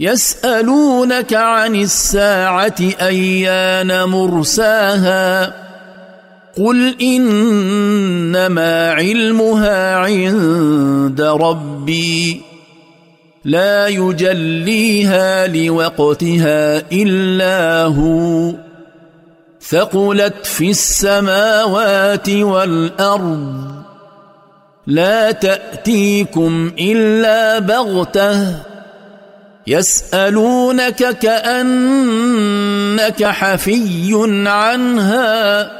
يسالونك عن الساعه ايان مرساها قل انما علمها عند ربي لا يجليها لوقتها الا هو ثقلت في السماوات والارض لا تاتيكم الا بغته يسالونك كانك حفي عنها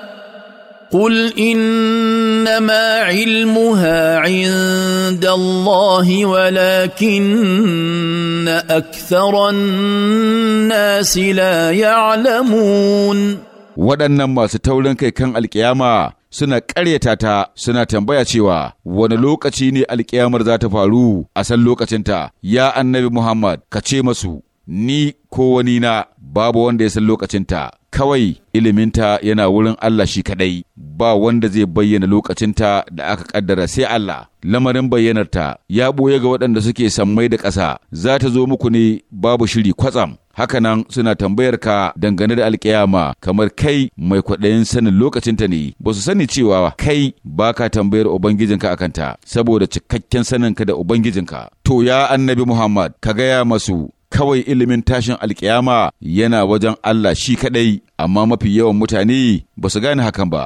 قل انما علمها عند الله ولكن اكثر الناس لا يعلمون waɗannan masu taurin kai kan alkiyama suna ƙaryata ta suna tambaya cewa wani lokaci ne alƙiyamar za ta faru a san lokacinta ya annabi Muhammad ka ce masu ni ko wani na babu wanda ya san lokacinta kawai iliminta yana wurin Allah shi kadai ba wanda zai bayyana lokacinta da aka kaddara sai Allah lamarin bayyanarta ya ɓoye ga waɗanda suke sammai da ƙasa za ta zo muku ne babu shiri kwatsam hakanan suna tambayar ka dangane da alkiyama kamar kai mai kwaɗayin sanin lokacinta ne ba su sani cewa kai ba ka tambayar ubangijinka a kanta, saboda cikakken saninka da ubangijinka to ya annabi muhammad ka gaya masu kawai ilimin tashin alkiyama yana wajen allah shi kaɗai amma mafi yawan mutane ba su gane hakan ba